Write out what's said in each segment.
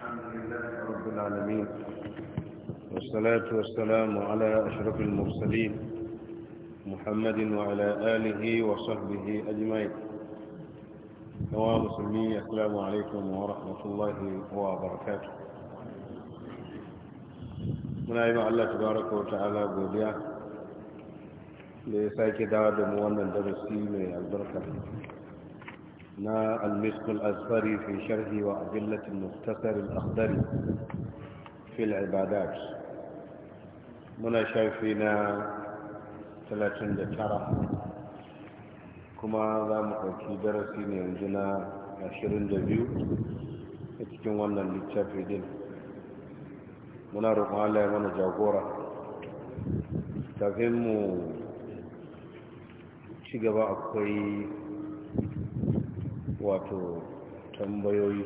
الحمد لله رب العالمين والصلاة والسلام على أشرف المرسلين محمد وعلى آله وصحبه أجمعين نواة مسلمين السلام عليكم ورحمة الله وبركاته من أيما الله تبارك وتعالى قوديا لساكي دعوة دموانا درسي من البركة نا المسك الأزفري في شرح وأدلة المختصر الأخضر في العبادات منا شايفين ثلاثين دكارة كما ذا مقوكي درسين ينجنا عشرين دبيو cikin wannan littafi din muna roƙon Allah ya mana jagora kafin mu ci gaba akwai wato tambayoyi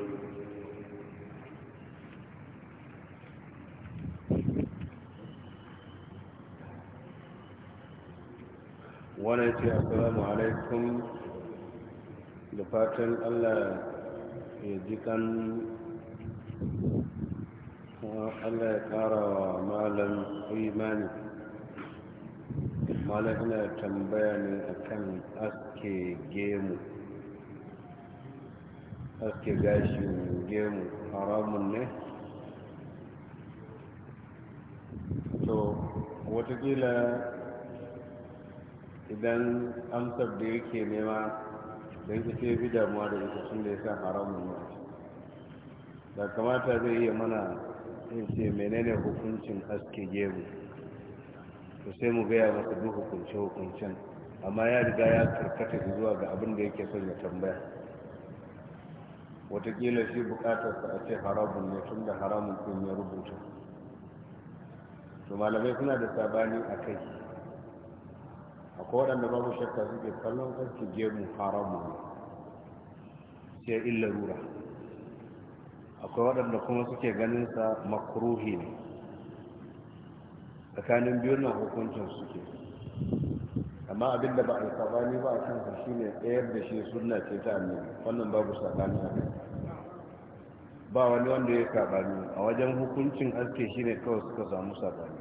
wani ce assalamu alaikum da fatan allah ya ji kan allah ya kara wa malam imani malam ina tambaya ne akan aske gemu haske gashin gemu haramun ne to watakila idan amsar da yake nema don ki ce bi damuwa da ita sun da ya sa haramun ne da kamata zai iya mana yin ce menene hukuncin haske gemu to sai mu gaya masu duk hukunce-hukuncen amma ya riga ya karkata zuwa ga abin da yake son ya tambaya watakila shi bukatarsa a ce haramun ne tun da haramun kun ya rubuta to malamai suna da sabani a kai akwai waɗanda babu shakka suke kallon karki gemu haramun ne sai illa rura akwai waɗanda kuma suke ganin sa makruhi ne tsakanin biyun na hukuncin suke amma abin da ba a sabani ba a kan su shine tsayar da shi sunna ce ta annabi wannan babu sabani a ba wani wanda ya sabani a wajen hukuncin aske shine kawai suka samu sabani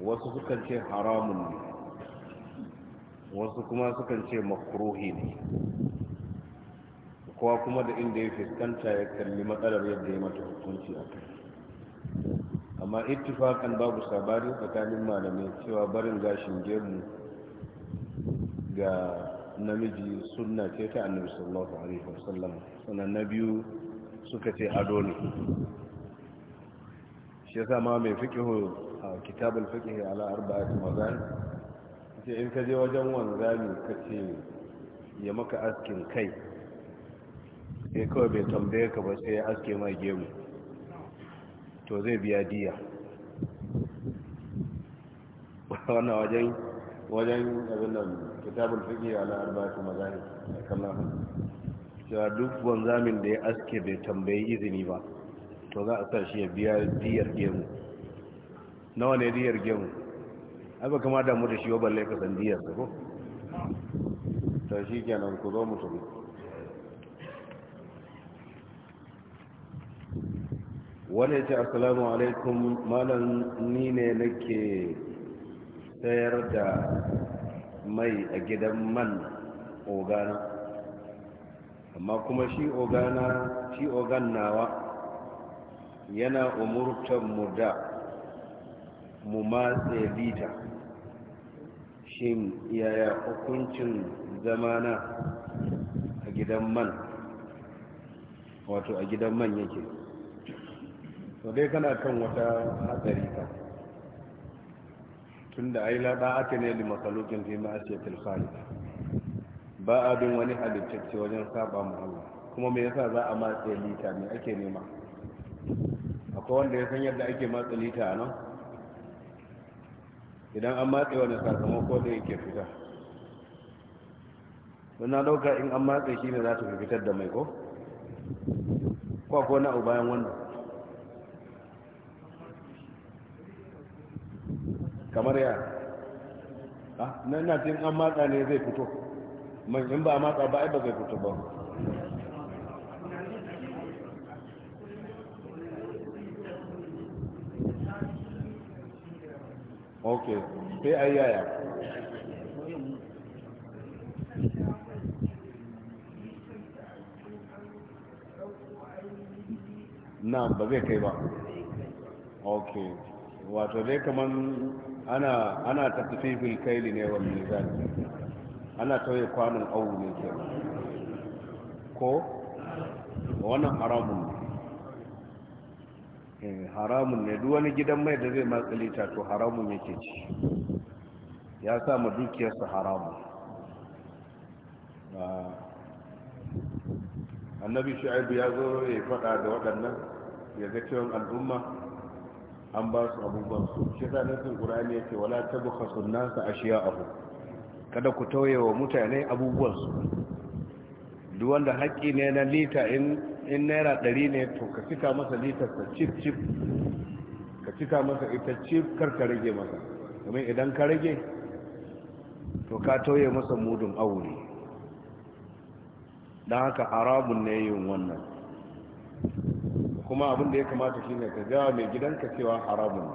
wasu sukan ce haramun ne wasu kuma sukan ce makruhi ne kowa kuma da inda ya fiskanta ya kalli matsalar yadda ya mata hukunci a kai amma ittifakan babu sabari tsakanin malamai cewa barin gashin gemu ga namiji suna ce ta annabi sallallahu alaihi wasallam sannan na biyu suka ce ado ne shi yasa ma mai fiqhu a kitabul fiqhi ala arba'at mazan ce in ka je wajen wanzami ka ce ya maka askin kai sai kawai bai tambaye ka ba sai ya aske mai gemu to zai biya diya wannan wajen wajen abin nan kitabul fiqh ala arba'ati mazahib kallahu cewa duk wanzamin da ya aske bai tambayi izini ba to za a sa shi ya biya diyar gemu nawa ne diyar gemu ai ba kama damu da shi ba balle ka san diyar ko ta shi kenan ku zo mu wani ya ce assalamu alaikum malam ni ne nake sayar da mai a gidan man ogana amma kuma shi ogana shi ogan yana umurtar mu da mu matse lita shin yaya hukuncin zamana a gidan man wato a gidan man yake to dai kana kan wata hatsari ka tun da ai lada aka ne limasalukin fi ma'asiyatul khaliq ba abin bin wani halittacce wajen saba mu kuma me yasa za a matse lita ne ake nema akwai wanda ya san yadda ake matse lita nan idan an matse wani sakamako da yake fita suna na dauka in an matse shi ne za ta fitar da mai ko kwa ko na bayan wannan kamar ya ah, na na jin an matsa ne zai fito man in ba a matsa ba ai ba zai fito ba ok sai a yaya na ba zai kai ba ok wato dai kamar ana ana bil kaili ne wa mizan ana tauye kwanon awu ne ke ko wannan haramun ne eh, haramun ne duk wani gidan mai da zai ta to haramun yake ci ya sa ma dukiyarsa haramun ah, annabi shu'aibu ya zo ya faɗa da waɗannan ya ga cewa al'umma an ba su abubuwan su shi sa ƙurani ya ce, wala ta a shi ya abu kada ku tauye wa mutane abubuwan su duk wanda haƙƙi ne na lita in naira ɗari ne to ka cika masa lita ta cif chip ka cika masa ita cif kar ka rage masa domin idan ka rage to ka tauye masa mudun aure don haka haramun ne yin wannan kuma abin da ya kamata shi ne ka gawa mai gidanka cewa haramun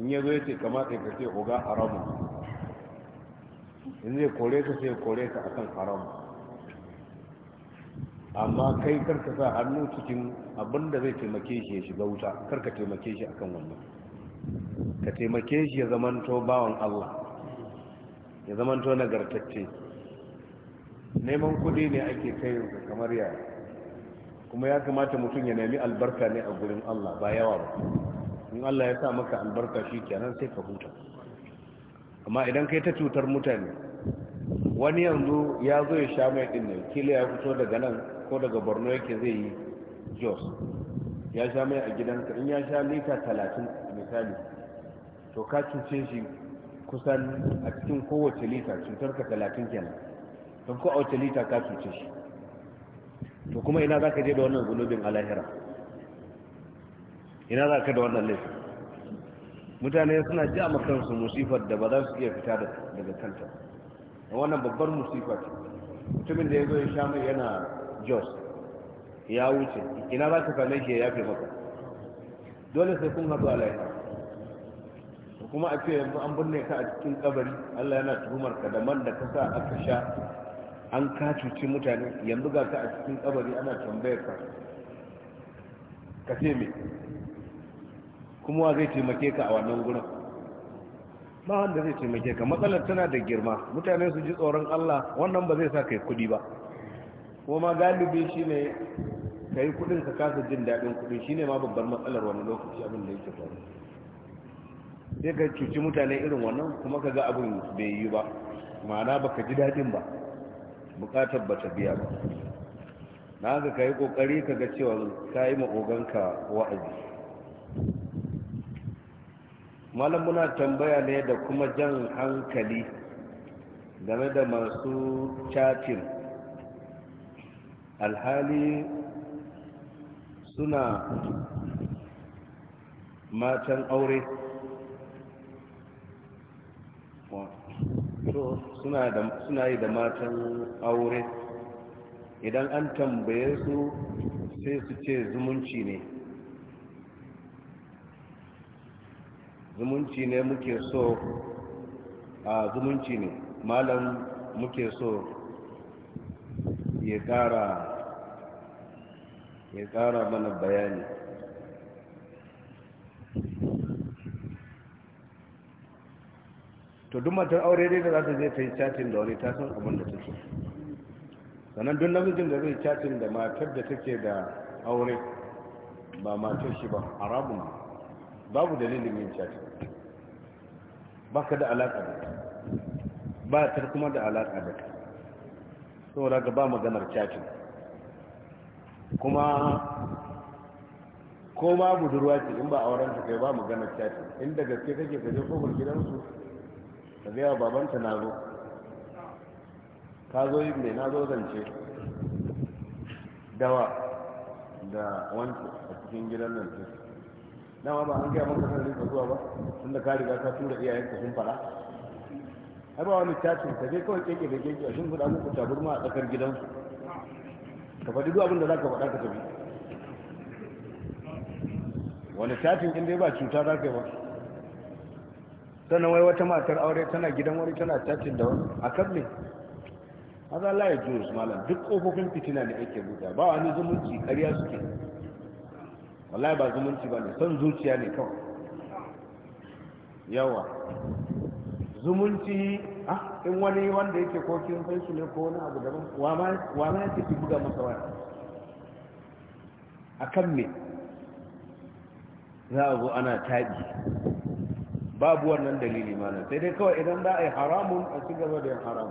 in ya zo ya ce kamata ka ce uga haramun in zai kore ka sai kore ka akan haramun amma kai karka sa hannu cikin abin da zai taimake shi ya shiga wuta karka taimake shi akan wannan ka taimake shi ya to bawan Allah ya to nagartacce neman kudi ne ake kai kamar yaya kuma ya kamata mutum ya nemi albarka ne a gurin Allah ba yawa ba in Allah ya sa maka albarka shi kenan sai ka huta amma idan kai ta cutar mutane wani yanzu ya zo ya sha mai din ne kila ya fito daga nan ko daga Borno yake zai yi Jos ya sha mai a gidanka in ya sha lita talatin misali to ka cuce shi kusan a cikin kowace lita cutar ka talatin kenan don ko a wace lita ka cuce shi to kuma ina za ka je da wannan zunubin a lahira ina za ka da wannan laifin mutane suna ji a makansu musifar da ba za su iya fita daga kanta wannan babbar musifar mutumin da ya zo ya sha mai yana jos ya wuce ina za ka same shi ya yafe maka dole sai kun haɗu a lahira kuma a ce yanzu an binne ka a cikin kabari allah yana tuhumar ka da man da ka sa aka sha an ka cuci mutane yanzu ga ka a cikin kabari ana tambayar ka ka ce me kuma wa zai taimake ka a wannan gurin ba wanda zai taimake ka matsalar tana da girma mutane su ji tsoron Allah wannan ba zai sa kai kudi ba kuma galibi shine kai kudin ka kasa jin dadin Shi shine ma babbar matsalar wani lokaci abin da yake faru sai ka cuci mutane irin wannan kuma ka ga abin bai yi ba ma'ana baka ji dadin ba bukatar ba ta biya ba na ga ka yi kokari ka ga cewa ka yi ma'oganka wa'azi malam muna tambaya ne da kuma jan hankali game da masu chatin alhali suna matan aure to suna yi da matan aure idan an tambaye su sai su ce zumunci ne zumunci ne muke so a zumunci ne malam muke so ya kara ya kara mana bayani to duk matar aure dai da za ta je ta yi chatting da wani ta san abin da take sannan duk namijin da zai chatting da matar da take da aure ba matar shi ba haramun babu dalilin yin chatting ba ka da alaƙa da ba ta kuma da alaƙa da ka da ga ba maganar chatting kuma ko ma budurwa ce in ba auren ta kai ba maganar chatting inda gaske kake kaje kofar gidansu ka wa babanta na zo ka zo yi mai na zo zance dawa da wanke a cikin gidan nan ce dama ba an gaya maka sanar ka zuwa ba tunda ka riga ka tura ka sun fara har ba wani tashin ka zai kawai keke da keke a shi guda muku taburma a tsakar gidansu ka faɗi duk abin da za ka faɗa ka tafi wani tashin inda ba cuta za ka yi ba sannan wai wata matar aure tana gidan wani tana cacin da wani a kan ne maza Allah ya juyus malam duk kofofin fitina ne ake buɗa ba wani zumunci ƙarya suke wallahi ba zumunci ba ne son zuciya ne kawai yawa zumunci a ah, in wani wanda yake kokin san su ne ko wani abu daban wa ma yake fi buga masa waya a kan me za a zo ana taɗi babu wannan dalili mana sai dai kawai idan za a yi haramun a ci gaba da yin haram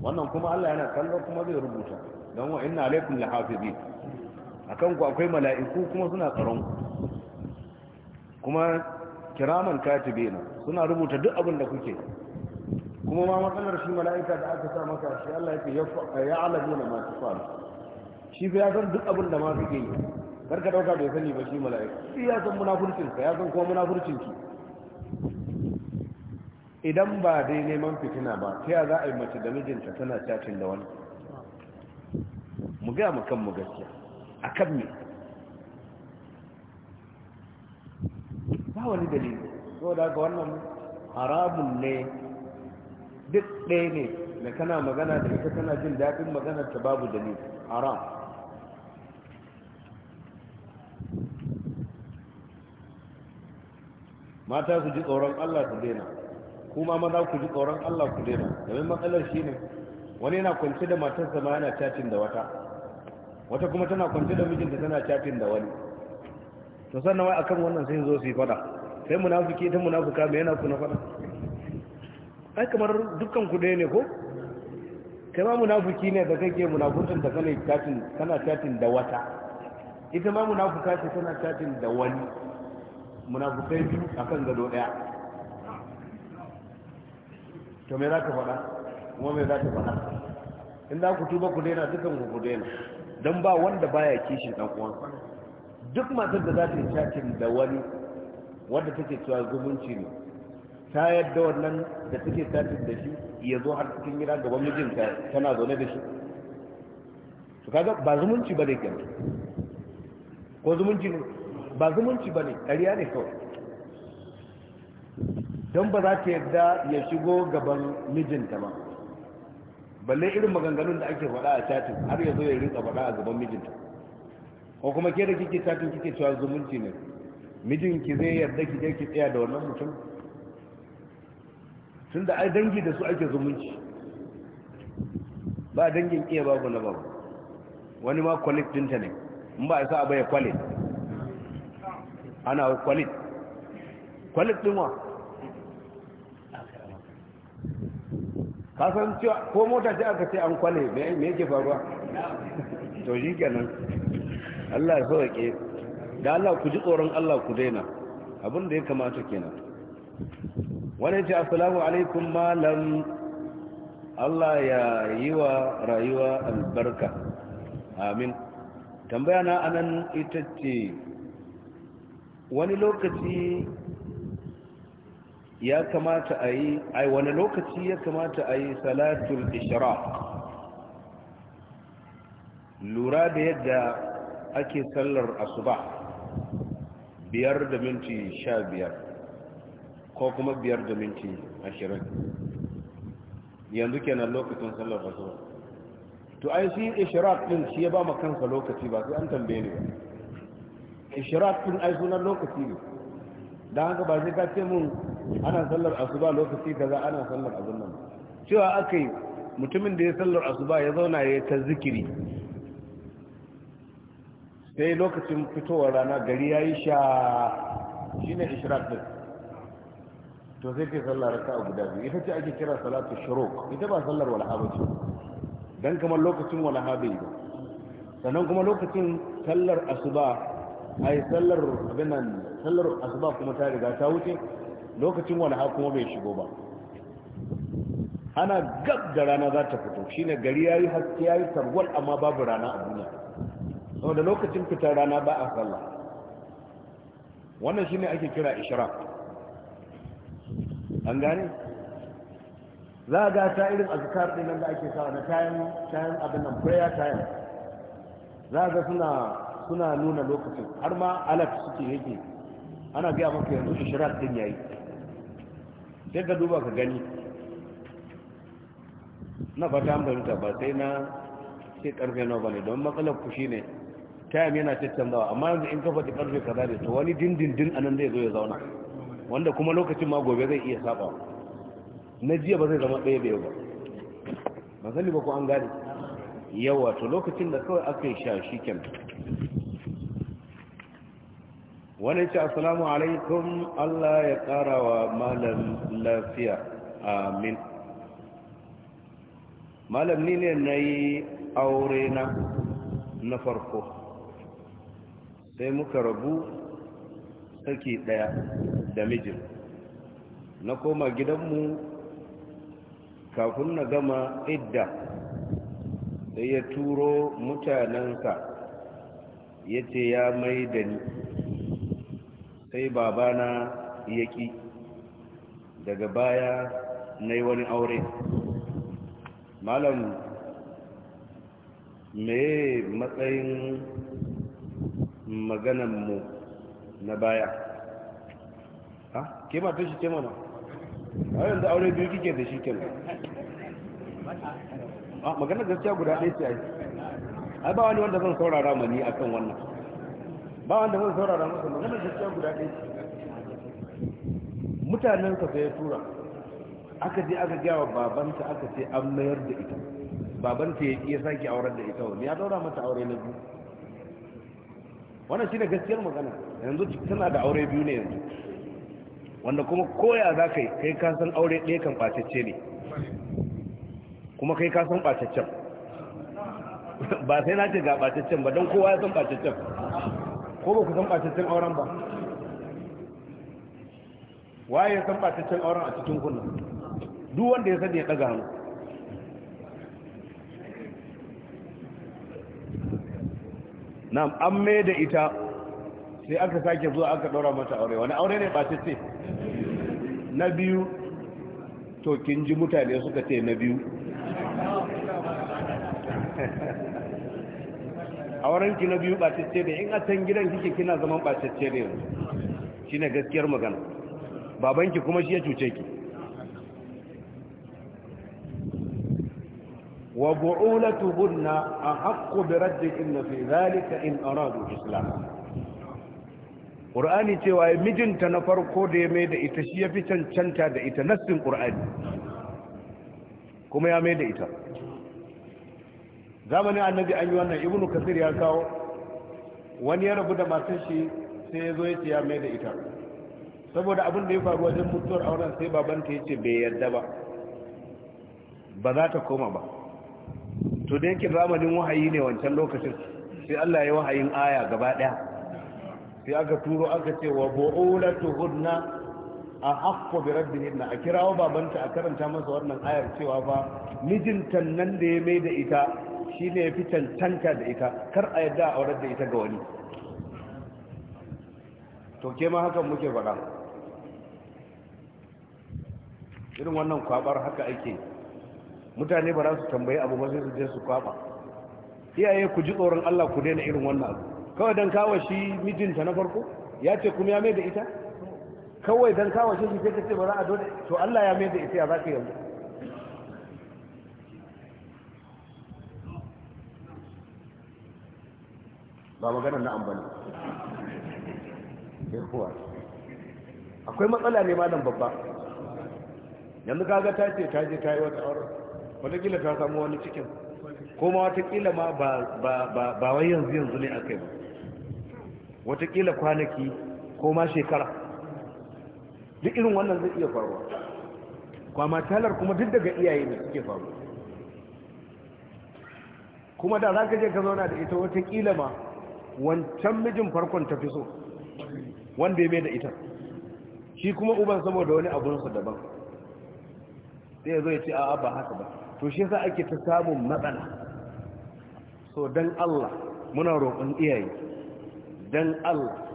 wannan kuma Allah yana kallon kuma zai rubuta don wa inna alaikum lahafizi akan ku akwai mala'iku kuma suna tsaron ku kuma kiraman katibina suna rubuta duk abin da kuke kuma ma matsalar shi mala'ika da aka sa maka shi Allah yake ya alamu na masu faru shi fa ya san duk abin da ma suke yi karka dauka bai sani ba shi mala'ika shi ya san munafurcin ya san kuma munafurcin ki idan ba dai neman fitina ba ta yi za a yi mace da mijinta tana cacin da wani mu gaya mu mu gaskiya a kan me ba wani dalili so da ga wannan harabun ne duk ɗaya ne da kana magana da ita tana jin daɗin maganarta ta babu dalili haram mata su ji tsoron Allah su daina kuma maza ku ji tsoron Allah ku daina domin matsalar shi ne wani yana kwance da matarsa ma yana cacin da wata wata kuma tana kwance da mijinta tana cacin da wani to sannan wai akan wannan sai zo su yi fada sai munafiki ta munafuka me yana su na fada ai kamar dukkan ku ɗaya ne ko kai ma munafiki ne da kake munafuncin da kana cacin kana cacin da wata ita ma munafuka ce tana cacin da wani munafukai biyu kan gado ɗaya. to me za ka faɗa kuma me za ka faɗa in za ku tuba ku daina dukan ku ku daina don ba wanda baya kishin ɗan uwansa duk matar da za ta yi chatin da wani wanda take cewa zumunci ne ta yadda wannan da take chatin da shi ya zo har cikin gida gaban mijinta tana zaune da shi to kaga ba zumunci ba ne, kenan ko zumunci ne ba zumunci ba ne ƙariya ne kawai don ba za ta yadda ya shigo gaban mijinta ba balle irin maganganun da ake faɗa a chatin har ya zo ya rinsa faɗa a gaban mijinta ko kuma ke da kike chatin kike cewa zumunci ne mijinki zai yarda ki je ki tsaya da wannan mutum tunda ai dangi da su ake zumunci ba dangin iya babu na babu wani ma kwalit dinta ne in ba a sa abu ya kwalit ana kwalit kwalit din wa ka san cewa ko mota ce aka ce an kwale me yake faruwa to shi kenan Allah ya sauke da Allah ku ji tsoron Allah ku daina abin da ya kamata kenan wani ce assalamu alaikum malam Allah ya yi wa rayuwa albarka amin tambaya na anan ita ce wani lokaci ya kamata a yi ai wani lokaci ya kamata a yi salatul ishraq lura da yadda ake sallar asuba biyar da minti sha biyar ko kuma biyar da minti ashirin yanzu kenan lokacin sallar asuba to ai shi ishraq din shi ya ba kansa lokaci ba sai an tambaye ne ba ishraq din ai sunan lokaci ne Da haka ba sai ka ce mun ana sallar asuba lokaci za ana sallar abin nan cewa aka yi mutumin da ya sallar asuba ya zauna ya ta zikiri sai lokacin fitowar rana gari ya yi sha shi ne ishraq din to sai ke sallar raka'a guda biyu ita ce ake kira salatu shuruq ita ba sallar walaha ce dan kamar lokacin walaha ne. sannan kuma lokacin sallar asuba ai sallar abin nan sallar asuba kuma ta riga ta wuce lokacin wani walha kuma bai shigo ba ana gab da rana za ta fito shine gari yayi haske yayi tarwal amma babu rana a duniya saboda lokacin fitar rana ba a sallah wannan shine ake kira Ishira. an gane za a ga ta irin azkar din nan da ake sawa na tayan tayan abin nan prayer time za a ga suna suna nuna lokacin har ma alat suke yake ana gaya maka yanzu ishirar din yayi sai ka duba ka gani na fata an ba sai na sai karfe nawa bane don matsalar ku shine tayam yana tattambawa amma yanzu in ka faɗi karfe kaza ne to wani dindindin nan zai zo ya zauna wanda kuma lokacin ma gobe zai iya saba na jiya ba zai zama ɗaya da yau ba ba ba ko an gane yawa to lokacin da kawai aka yi shashi kyan wani ce asalamu alaikum allah ya kara wa malam lafiya amin malam ni ne na yi aure na na farko sai muka rabu saki daya da mijin na koma gidanmu kafin na gama idda sai ya turo mutanensa ya ce ya mai da ni sai babana ya ƙi daga baya na yi wani aure malam me matsayin maganarmu na baya ha ke matan shi ce mana a yanzu aure biyu kike da shi kenan maganar gaskiya guda ɗaya ce ai ai ba wani wanda zan saurara mani akan wannan ba wanda zan saurara masa maganar gaskiya guda ɗaya ce mutanen ka sai tura aka je aka gyawa babanta aka ce an mayar da ita babanta ya iya sake auren da ita wani ya daura mata aure na biyu wannan shine gaskiyar magana yanzu tana da aure biyu ne yanzu wanda kuma koya za ka yi kai san aure ɗaya kan ce ne kuma kai ka san ɓataccen ba sai na ce ga ɓataccen ba don kowa ya san ɓataccen ko ba ku san ɓataccen auren ba waye ya san ɓataccen auren a cikin kunna duk wanda ya sani ya ɗaga hannu na an mai da ita sai aka sake zuwa aka ɗaura mata aure wani aure ne ce? na biyu to kin ji mutane suka ce na biyu a wurin ki na biyu ɓacicce ne in a can gidan kike kina zaman ɓacicce ne shi ne gaskiyar magana babanki kuma shi ya cuce ki wa bu'ulatuhunna ahaqqu bi na fi zalika in aradu islam. ƙur'ani cewa ya mijinta na farko da ya mai da ita shi ya fi cancanta da ita nassin ƙur'ani kuma ya mai da ita zamanin annabi an yi wannan ibnu kasir ya kawo wani ya rabu da masu shi sai ya zo ya ce ya mai da ita saboda abin da ya faru wajen mutuwar auren sai babanta ya ce bai yarda ba ba za ta koma ba to da yake zamanin wahayi ne wancan lokacin sai Allah ya wahayin aya gaba daya sai aka turo aka ce wa bu'ulatu hunna a haƙƙo bi rabbihin a kirawo babanta a karanta masa wannan ayar cewa fa mijintan nan da ya mai da ita shi ne ya fi cancanta da ita kar a yadda a aurar da ita ga wani to ke ma hakan muke faɗa irin wannan kwabar haka ake mutane ba za su tambayi abu ba su je su kwaba iyaye ku ji tsoron Allah ku daina irin wannan abu kawai dan kawo shi mijinta na farko ya ce kuma ya mai da ita kawai dan kawo shi ce ka ce ba za a dole to Allah ya mai da ita ya za ka yanzu ba maganar na'am ba ne akwai matsala ne malam babba yanzu kaga ta ce ta je ta yi wata aure wataƙila ta samu wani cikin kuma watakila ma ba wai yanzu yanzu ne aka yi ba wataƙila kwanaki ko ma shekara duk irin wannan zai iya faruwa kwama talar kuma duk daga iyaye ne suke faruwa kuma da za ka je ka zauna da ita wataƙila ma wancan mijin farkon ta fi so wanda ya mai da ita shi kuma uban saboda wani abunsa daban sai ya zo ya ce a ba haka ba to shi yasa ake ta samun matsala so dan Allah muna roƙon iyaye dan Allah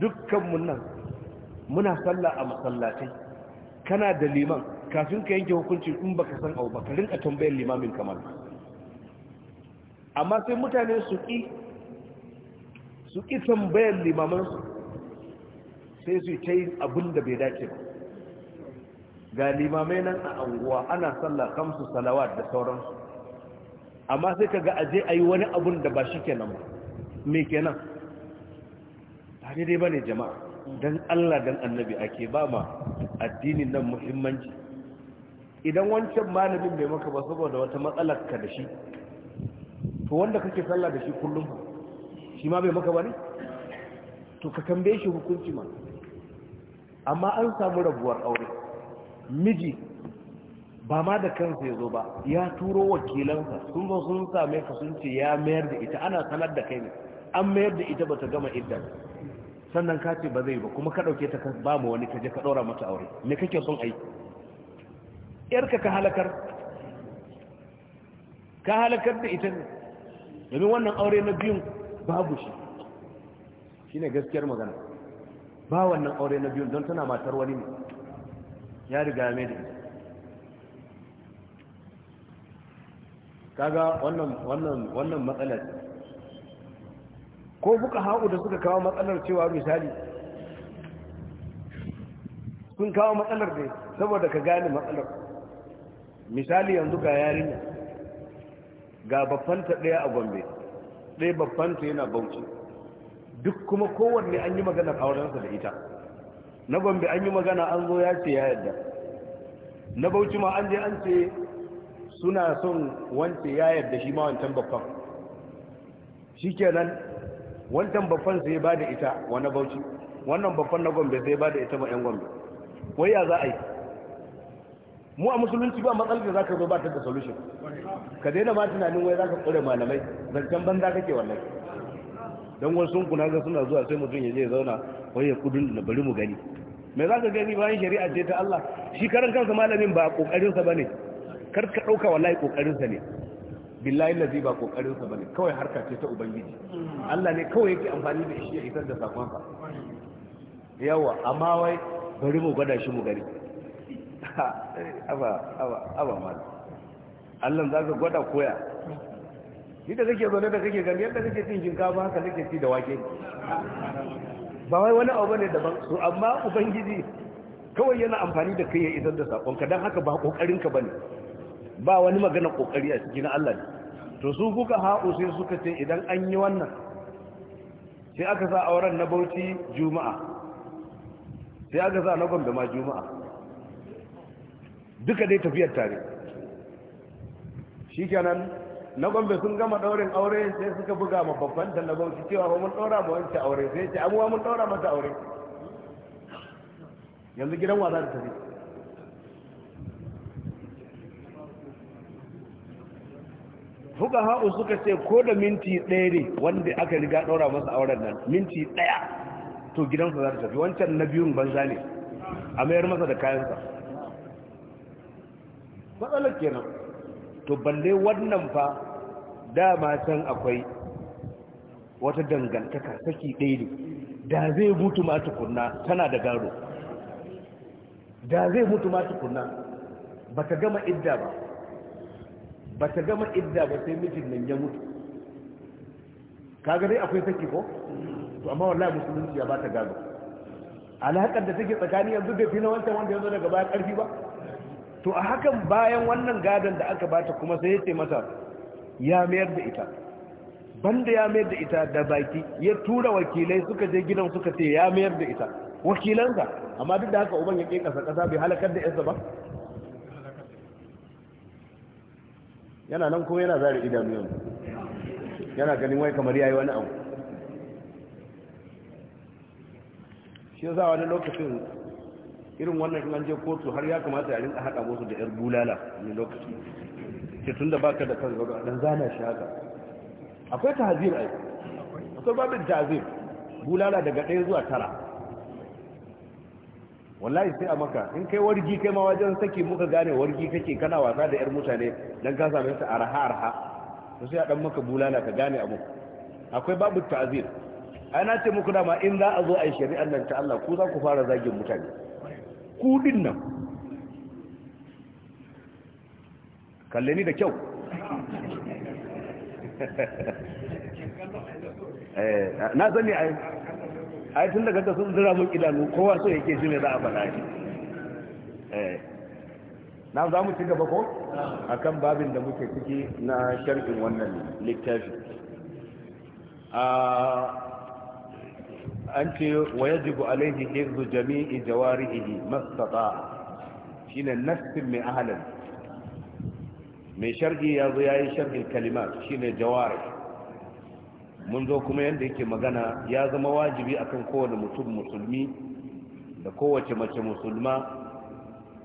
dukkanmu nan muna sallah a masallatai kana da liman kafin ka yanke hukunci in baka san abu ba ka rinka tambayar limamin kamar amma sai mutane su ƙi su isan bayan limamansu sai su ta yi abin da bai dace ba ga limamai nan a anguwa ana sallah kamsu salawat da sauransu amma sai ka ga aje a yi wani abin da ba shi kenan ba me kenan ba dai ba ne jama'a don allah don annabi ake ba ma addinin nan muhimmanci idan wancan malamin bai maka ba saboda wata matsalar ka da shi to wanda kake sallah da shi kullum shi ma bai maka bane to ka tambaye shi hukunci ma amma an samu rabuwar aure miji ba ma da kansa ya zo ba ya turo wakilansa sun zo sun same ka sun ce ya mayar da ita ana sanar da kai ne an mayar da ita bata gama iddan sannan ka ce ba zai ba kuma ka dauke ta ba mu wani kaje ka daura mata aure me kake son ai yarka ka halakar ka halakar da ita ne domin wannan aure na biyun babu shi shi ne gaskiyar magana ba wannan aure na biyun don tana matar wani ne ya riga mai da kaga wannan matsalar ko buka haƙu da suka kawo matsalar cewa misali sun kawo matsalar ne saboda ka gane matsalar misali yanzu ga yarinya ga babban ɗaya a gombe ɗaya babban ta yana bauchi duk kuma kowanne an yi magana a sa da ita na gombe an yi magana an zo ya ce ya yadda na bauchi ma an je an ce suna son wance ya yadda shi ma wancan babban shi kenan wancan babban sai ba da ita wani bauchi wannan babban na gombe sai ba da ita ma 'yan gombe wai ya za a yi mu a musulunci ba matsalar da ka zo ba ta da solution ka daina ma tunanin wai ka kure malamai zancen banza kake wallahi don wani sun kuna ga suna zuwa sai mutum ya je zauna wai ya kudin da bari mu gani me za ka gani bayan shari'a ce ta Allah shi karan kansa malamin ba kokarin sa bane kar ka dauka wallahi kokarin sa ne billahi lazi ba kokarin sa bane kawai harka ce ta ubangiji Allah ne kawai yake amfani da shi ya isar da sakonka. yawa amma wai bari mu gwada shi mu gani aba mal allon za ka gwada koya ni da kake zaune da kake gani yadda kake cin shinkafa haka kake ci da wake ba wai wani abu ne daban su. amma ubangiji kawai yana amfani da kai ya isar da sakonka don haka ba kokarin ka bane ba wani magana kokari a cikin Allah ne to su kuka ha'u sai suka ce idan an yi wannan sai aka sa auren na bauti juma'a sai aka sa na gombe ma juma'a duka dai tafiyar tare shikenan na gombe sun gama daurin aure sai suka buga ma babban da na bauchi cewa ba mun daura ma wancan aure sai ce amma mun daura mata aure yanzu gidan wa za ta tafi fuka haɓu suka ce ko da minti ɗaya ne wanda aka riga ɗaura masa auren nan minti ɗaya to gidansa za ta tafi wancan na biyun banza ne a mayar masa da kayansa matsalar kenan to balle wannan fa dama can akwai wata dangantaka saki ɗaya ne da zai mutu ma tukunna tana da gado da zai mutu ma tukunna ba ta gama idda ba ba ta gama idda ba sai mijin nan ya mutu kaga dai akwai saki ko to amma wallahi musulunci ya ba ta gado alaƙar da take tsakani yanzu da fi na wancan wanda ya zo daga baya ƙarfi ba to a hakan bayan wannan gadon da aka bata kuma sai ya ce masa ya mayar da ita banda ya mayar da ita da baki ya tura wakilai suka je gidan suka ce ya mayar da ita wakilansa amma duk da haka uban ya ke kasa kasa bai halakar da yansa ba yana nan ko yana zari idanu yana ganin wai kamar yayi wani abu shi yasa wani lokacin irin wannan in an je kotu har ya kamata a rinka haɗa musu da yar bulala ne lokaci ke tun da baka da kan gado a dan zana shi haka akwai tahzir ai akwai babin tahzir bulala daga ɗaya zuwa tara wallahi sai a maka in kai wargi kai ma wajen saki muka gane wargi kake kana wasa da yar mutane dan ka same ta arha raha to sai a dan maka bulala ka gane abu akwai babu ta'zir ana ce muku dama in za a zo a yi shari'ar nan ta Allah ku za ku fara zagin mutane kudin nan kalle ni da kyau eh, na sani a yi tun da kanta sun zira mun idanu kowa so yake shi ne za a faɗa shi eh. na za mu ci gaba ko a kan babin da muke ciki na sharfin wannan littafi ah, an ce wa yajibu alaihi jami'i jawarihi mastata shine nassin mai ahlan mai shargi ya zo yayi sharhi kalimat shine jawari mun zo kuma yanda yake magana ya zama wajibi akan kowane mutum musulmi da kowace mace musulma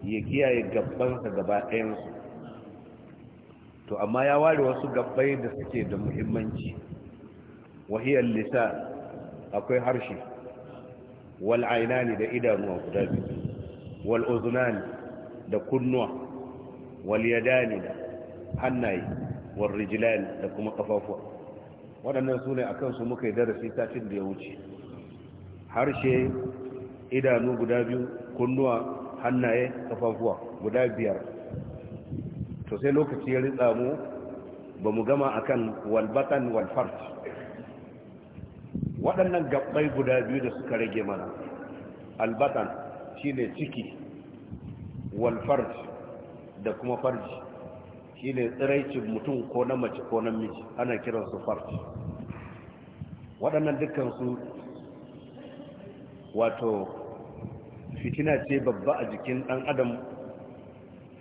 ya kiyaye gabbansa gaba ɗayansu to amma ya ware wasu gabbai da suke da muhimmanci wahiyar lisan akwai harshe wal ainani da idanuwa guda biyu wal uzunani da kunnuwa wal yadani da hannaye wal da kuma kafafuwa waɗannan su ne a kansu muka yi darasi satin da ya wuce harshe idanu guda biyu kunnuwa hannaye kafafuwa guda biyar to sai lokaci ya ritsa mu ba mu gama akan walbatan walfart waɗannan gabbai guda biyu da suka rage mana albatan shine ciki wal da kuma farji shine tsiraicin mutum ko na mace ko na miji ana kiransu farji waɗannan dukkansu wato fitina ce babba a jikin ɗan adam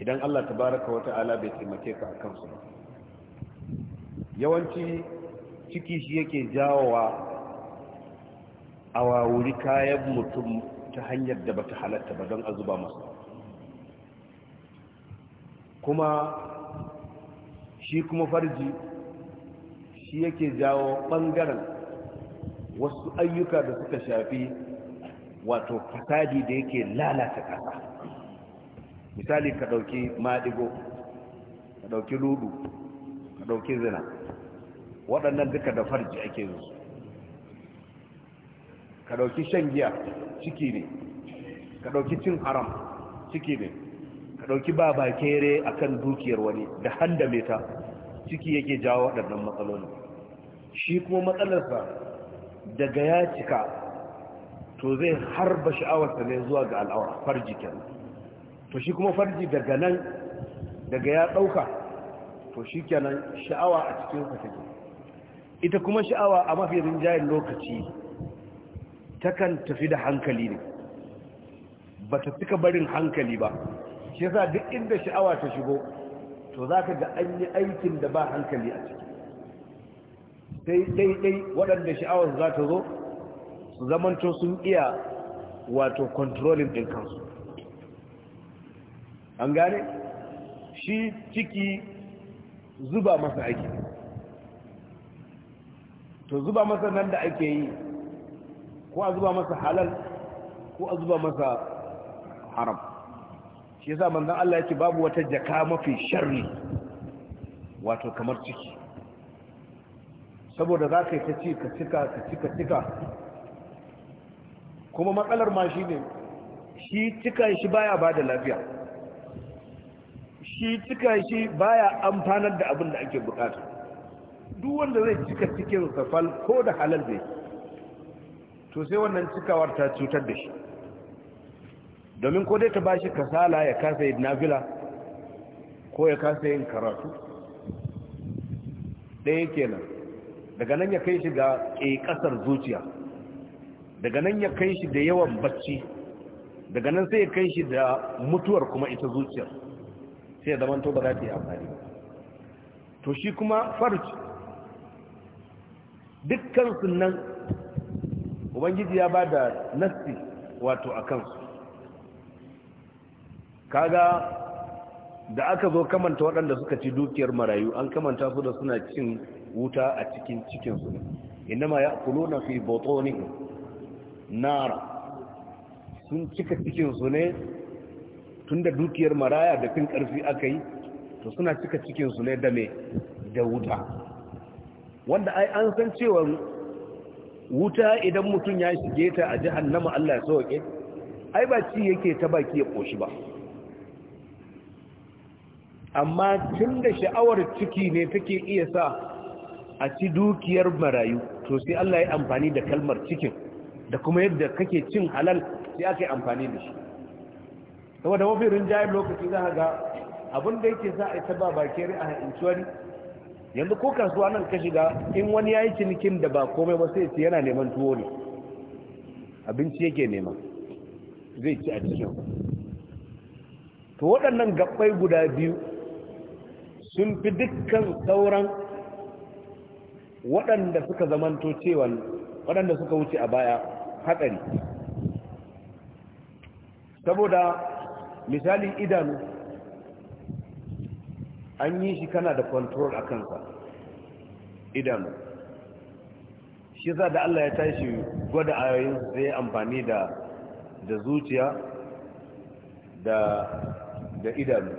idan Allah ta baraka wata ala bai taimake ka a kansu yawanci ciki shi yake jawowa a wawuri kayan mutum ta hanyar da bata halatta ba don a zuba masa kuma shi kuma farji shi yake jawo ɓangaren wasu ayyuka da suka shafi wato fasadi da yake lalata ƙasa misali ka ɗauki maɗigo ka ɗauki ludu ka ɗauki zina waɗannan duka da farji ake zuwa ka ɗauki shan giya ciki ne ka ɗauki cin haram ciki ne ka ɗauki ba ba kere a kan dukiyar wani da handame ta ciki yake jawo waɗannan matsaloli shi kuma matsalarsa daga ya cika to zai harba sha'awarsa ne zuwa ga al'awar farji kenan to shi kuma farji daga nan daga ya ɗauka to shi kenan sha'awa a cikin take ita kuma sha'awa a mafi rinjayen lokaci takan tafi da hankali ne ba ta cika barin hankali ba shi yasa duk inda sha'awa ta shigo to za ka ga an yi aikin da ba hankali a ciki sai ɗaiɗai waɗanda sha'awar za ta zo su zamanto sun iya wato controlling ɗin kansu an gane shi ciki zuba masa aiki to zuba masa nan da ake yi ko a zuba masa halal ko a zuba masa haram shi yasa manzon Allah yake babu wata jaka mafi sharri wato kamar ciki saboda za yi ta ci ka cika ka cika cika kuma matsalar ma shi ne shi cika shi baya ba da lafiya shi cika shi baya amfanar da abin da ake bukata duk wanda zai cika cikin safal ko da halal zai to sai wannan cikawar ta cutar da shi domin ko dai ta ba shi kasala ya kasa yin nafila ko ya kasa yin karatu ɗaya kenan daga nan ya kai shi ga ƙasar zuciya daga nan ya kai shi da yawan bacci daga nan sai ya kai shi da mutuwar kuma ita zuciyar sai ya zamanto ba za ta yi amfani to shi kuma farci dukkan sunan ubangiji ya ba da nasti wato a kansu kaga da aka zo kamanta waɗanda suka ci dukiyar marayu an kamanta su da suna cin wuta a cikin cikinsu inama ya kulo na fi botoni nara sun cika cikinsu ne tun da dukiyar maraya da fin ƙarfi aka yi to suna cika cikinsu ne da me da wuta wanda ai an san cewa wuta idan mutum ya shige ta a jihar nama Allah ya sauke ai ba ci yake ta baki ya koshi ba amma tun da sha'awar ciki ne take iya sa a ci dukiyar marayu to sai Allah ya amfani da kalmar cikin da kuma yadda kake cin halal sai aka yi amfani da shi saboda mafi rinjayen lokaci za ga abin da yake sa a yi taba ba a inci yanzu ko kasuwa nan ka shiga in wani ya yi cinikin da ba komai ba sai ce yana neman tuwo ne abinci yake nema zai ci a cikin to waɗannan gabbai guda biyu sun fi dukkan sauran waɗanda suka zamanto cewa waɗanda suka wuce a baya hatsari saboda misali idanu an yi shi kana da control a kansa idan shi za da Allah ya tashi gwada ayoyin zai amfani da zuciya da da idanu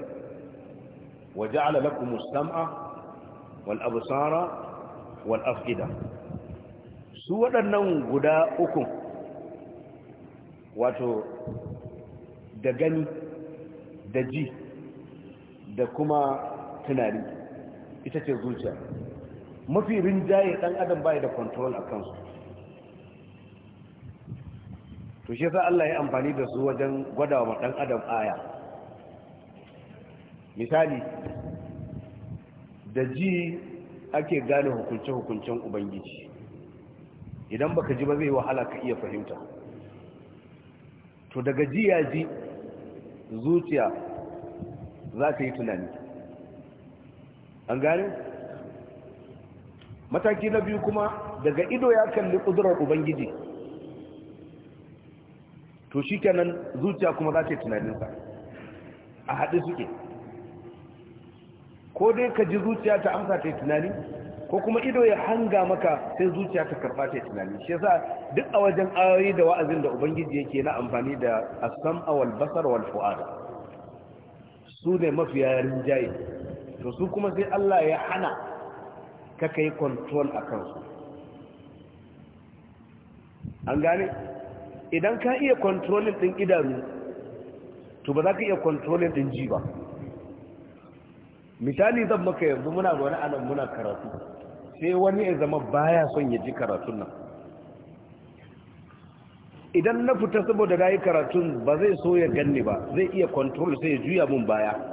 waja'ala lakum sama wal absara wal afida su waɗannan guda uku wato da gani da ji da kuma tunani ita ce zuciya mafi rinjaye dan adam bai da control a kansu to shi yasa Allah ya amfani da su wajen gwada wa dan adam aya misali da ji ake gane hukunce-hukuncen ubangiji idan baka ji ba zai wahala ka iya fahimta to daga ji ya ji zuciya za ka yi tunani an gane mataki na biyu kuma daga ido ya kalli kudurar ubangiji to shi kenan zuciya kuma za ta yi tunaninsa a haɗe suke ko dai ka ji zuciya ta amsa ta yi tunani ko kuma ido ya hanga maka sai zuciya ta karɓa ta yi tunani shi yasa duk a wajen ayoyi da wa'azin da ubangiji yake na amfani da asam awal basar wal fu'ad su ne mafiya rinjaye to su kuma sai Allah ya hana ka kai control a kansu an gane idan ka iya controlling din idanu to ba za ka iya controlling din ji ba misali zan maka yanzu muna zaune a nan muna karatu sai wani ya zama baya son ya ji karatun nan idan na fita saboda na yi karatun ba zai so ya ganni ba zai iya control sai ya juya mun baya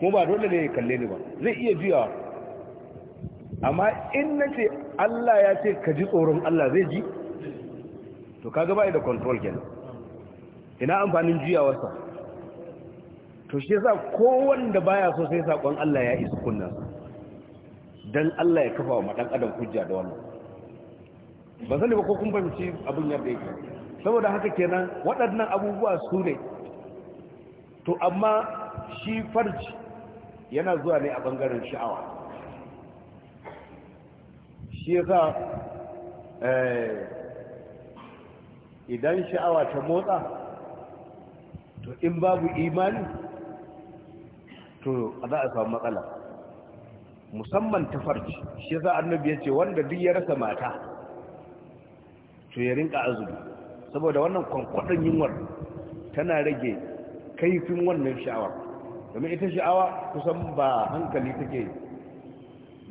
kuma ba dole ne ya kalle ni ba zai iya juyawa amma in na ce Allah ya ce ka ji tsoron Allah zai ji to kaga ba da control kenan ina amfanin juyawarsa to shi yasa kowanda wanda baya so sai sakon Allah ya isa kunna don Allah ya kafa wa madan adam hujja da wannan ba sani ba ko kun fahimci abin yadda yake saboda haka kenan waɗannan abubuwa su ne to amma shi farci yana zuwa ne a bangaren sha'awa shi yasa eh, idan sha'awa ta motsa to in babu imani to za a samu matsala musamman ta farci shi yasa annabi ya ce wanda duk ya rasa mata to ya rinka azumi saboda wannan kwankwadon yunwar tana rage kaifin wannan sha'awar domin ita sha'awa kusan ba hankali take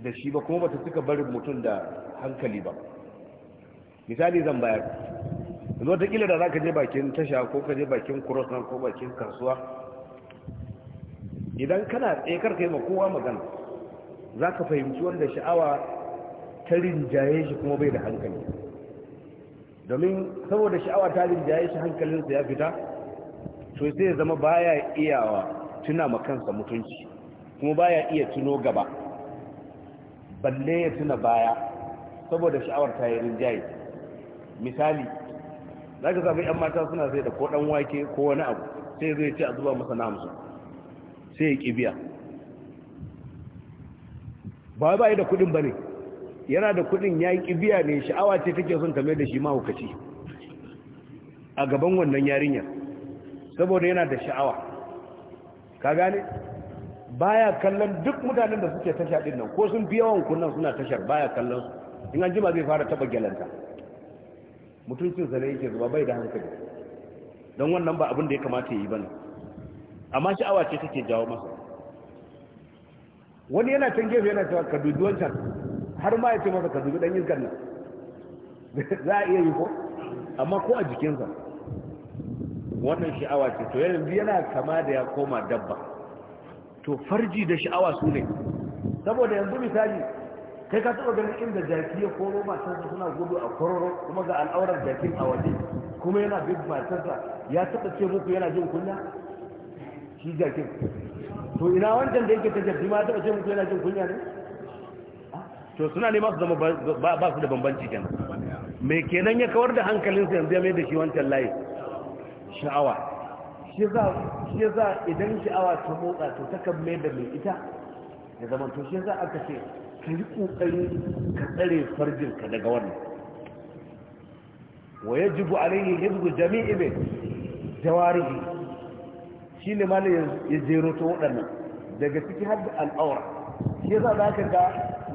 da shi ba kuma bata suka bari mutum da hankali ba misali zan bayar ta watakila da za ka je bakin tasha ko ka je bakin cross ko bakin kasuwa idan kana ka kai ma kowa magana za ka fahimci wanda sha'awa ta rinjaye shi kuma bai da hankali domin saboda sha'awa ta rinjaye shi hankalinsa ya fita to sai ya zama baya iyawa tuna ma kansa mutunci kuma baya iya tuno gaba balle ya tuna baya saboda sha'awar ta yi rinjaye misali za ka samu 'yan mata suna sai da ko dan wake ko wani abu sai zai ci a zuba masa na hamsin sai ya kibiya ba ba yi da kuɗin ba ne yana da kuɗin ya yi kibiya ne sha'awa ce take son kame da shi mahaukaci a gaban wannan yarinya saboda yana da sha'awa ka gane baya kallon duk mutanen da suke tasha din nan ko sun fi yawan kunnan suna tashar baya kallon in an jima zai fara taba gyalanta mutuncin sa ne yake zuba bai da hankali don wannan ba abin da ya kamata ya yi bane amma sha'awa ce take jawo masa wani yana can gefe yana cewa ka dubi wancan har ma ya ce masa ka dubi dan yin nan za a iya yi ko amma ko a jikinsa wannan sha'awa ce to yanzu yana kama da ya koma dabba to farji da sha'awa su ne saboda yanzu misali kai ka taɓa ganin inda jaki ya koro matarsa suna gudu a kororo kuma ga al'aurar jakin a waje kuma yana bin matarsa ya taɓa ce muku yana jin kunya shi jakin to ina wancan da yake ta jabi ma taɓa ce muku yana jin kunya ne to suna ne masu zama ba su da bambanci kenan mai kenan ya kawar da hankalinsa yanzu ya mai da shi wancan layi sha'awa shi za idan sha'awa ta motsa to ta kan mai da mai ita ya zama to shi za aka ce ka yi kokari ka tsare farjinka daga wannan wa ya jibu ya hibzu jami'i mai jawari shi ne ma ya jero ta waɗannan daga ciki har da al'aura shi za za ka ga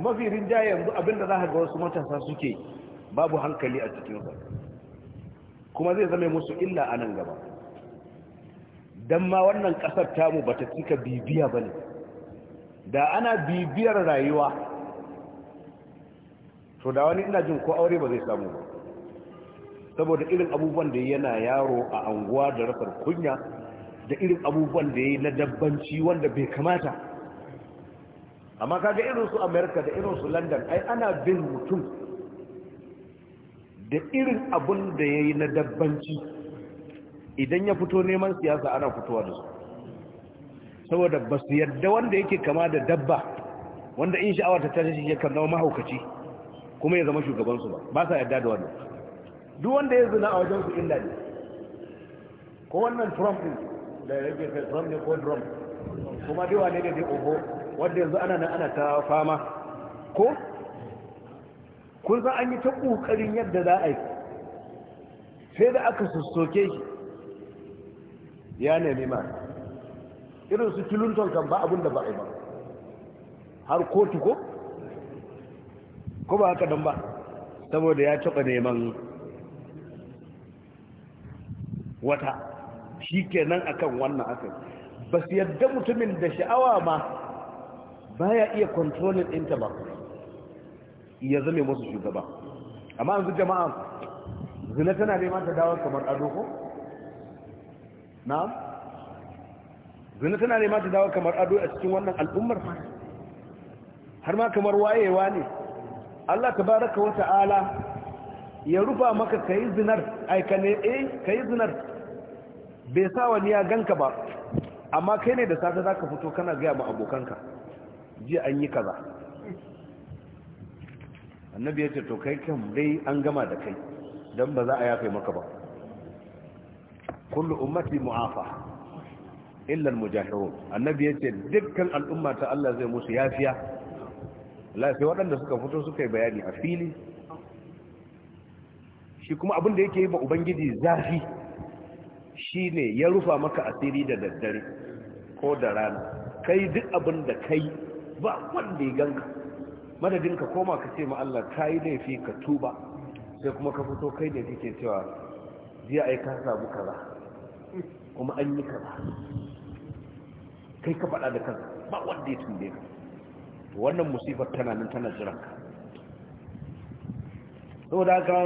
mafi rinjaye yanzu abinda za ka ga wasu matasa suke babu hankali a cikinsa kuma zai zama musu illa a nan gaba don ma wannan ƙasar tamu ba ta cika bibiya ba ne da ana bibiyar rayuwa to da wani ina jin ko aure ba zai samu ba saboda irin abubuwan da yana yaro a anguwa da rasar kunya da irin abubuwan da ya yi na dabbanci wanda bai kamata amma kaga irin su america da irinsu su london ai ana bin mutum da irin abun da ya yi na dabbanci idan ya fito neman siyasa ana fitowa da su saboda ba su yadda wanda yake kama da dabba wanda in sha'awa ta tashi shi yakan zama mahaukaci kuma ya zama shugabansu ba ba sa yadda da wanda duk wanda ya zina a wajen su illa ne ko wannan trump din da ya rage kai trump ne ko trump kuma dai wane ne dai oho wanda yanzu ana nan ana ta fama ko kun san an yi ta ƙoƙarin yadda za a yi sai da aka sussoke shi ya nemi ma irin su kilunton kan ba abin da ba a yi ba har kotu ko ko ba haka don ba saboda ya taɓa neman wata shi kenan akan wannan akan ba su yadda mutumin da sha'awa ma Ba ya iya kontrolin ɗinta ba ya zame masu shugaba amma yanzu jama'a zina tana neman mata dawo kamar ado ko na'am zina tana neman mata dawo kamar ado a cikin wannan al'ummar fa har ma kamar wayewa ne Allah tabaraka wa ta'ala ya rufa maka kai zinar ai ka ne eh kai zinar bai sa wani ya ganka ba amma kai ne da safe zaka fito kana ga ma abokanka ji an yi kaza annabi ya ce to kai kan dai an gama da kai don ba za a yafe maka ba kullu ummati mu'afa illa al-mujahirun annabi ya ce dukkan al'umma ta Allah zai musu yafiya Allah sai waɗanda suka fito suka yi bayani a fili shi kuma abin da yake yi ba ubangiji zafi shi ne ya rufa maka asiri da daddare ko da rana kai duk abin da kai ba wanda ya ganka madadin ka koma ka ce ma Allah ka yi laifi ka tuba sai kuma ka fito kai ne kike cewa jiya ai ka samu kaza kuma an yi kaza kai ka faɗa da kaza ba wanda ya tunde ka wannan musibar tana nan tana jiran ka saboda ka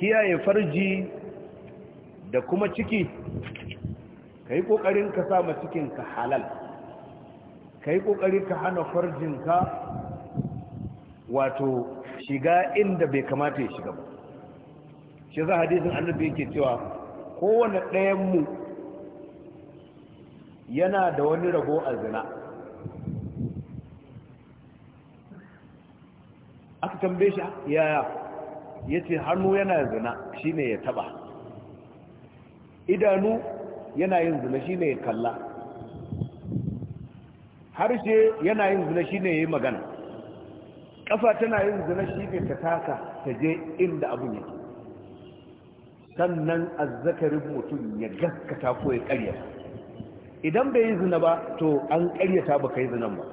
kiyaye farji da kuma ciki ka yi ƙoƙarin ka sama cikinka halal ka yi ƙoƙari ka hana farjinka wato shiga inda bai kamata ya shiga ba shi za hadisin annabi yake cewa kowane ɗayanmu yana da wani rago a zina aka tambaye shi yaya ya ce hannu yana zina shine ya taba idanu yana yin zina shine ya kalla harshe yana yin zina shine ya yi magana Ƙafa tana yin zina shi ne ta taka ta je inda abin ne sannan azzakarin mutum ya gaskata ko ya karyata idan bai yi zina ba to an karyata ba kai zinan ba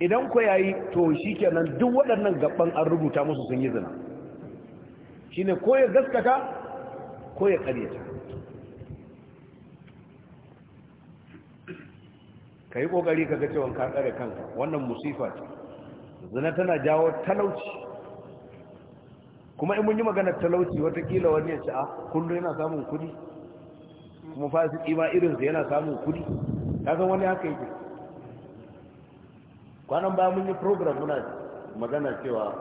idan ko yayi to shikenan duk waɗannan gaban an rubuta musu sun yi zina shine ko ya gaskata ko ya karyata kai kokari kaga cewa ka tsare kanka wannan musifa ce zina tana jawo talauci kuma in mun yi maganar talauci watakila wani ya ce a ah, kullu yana samun kudi kuma fasiki ma irinsa yana samun kudi ta san wani haka yake kwanan ba mun yi program muna magana cewa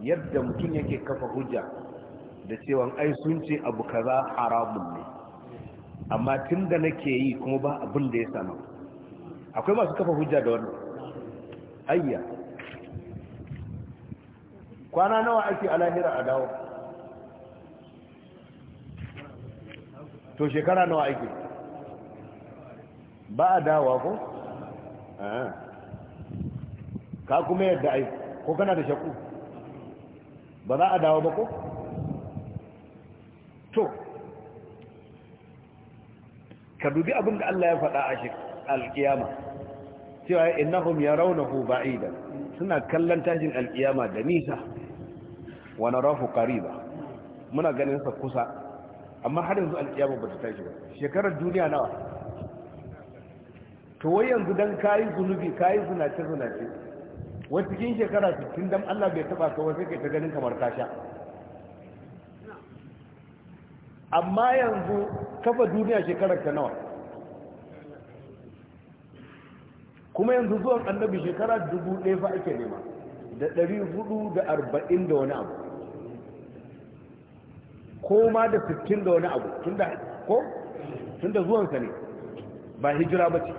yadda mutum yake kafa hujja da cewa ai sun ce abu kaza haramun ne amma tun da nake yi kuma ba abin da ya sama akwai masu kafa hujja da wannan ayya kwana nawa ake a lahira a dawo to shekara nawa ake ba a dawa ko? ka kuma yadda ai ko kana da shakku ba za a dawo ba ko? to ka dubi abin da Allah ya faɗa a alƙiyama cewa innahum yarawnahu ba'idan suna kallon tashin alƙiyama da nisa wa narahu qariba muna ganin sa kusa amma har yanzu alƙiyama ba ta tashi ba shekarar duniya nawa to wai yanzu dan kayi zunubi kayi zinace ce wata cikin shekara 60 dan Allah bai taba ka wai kai ta ganin kamar ka sha amma yanzu kafa duniya shekarar ta nawa kuma yanzu zuwan annabi shekara dubu fa ake nema da ɗari da arba'in da wani abu ko ma da sittin da wani abu tunda ko tunda zuwansa ne ba hijira ba ce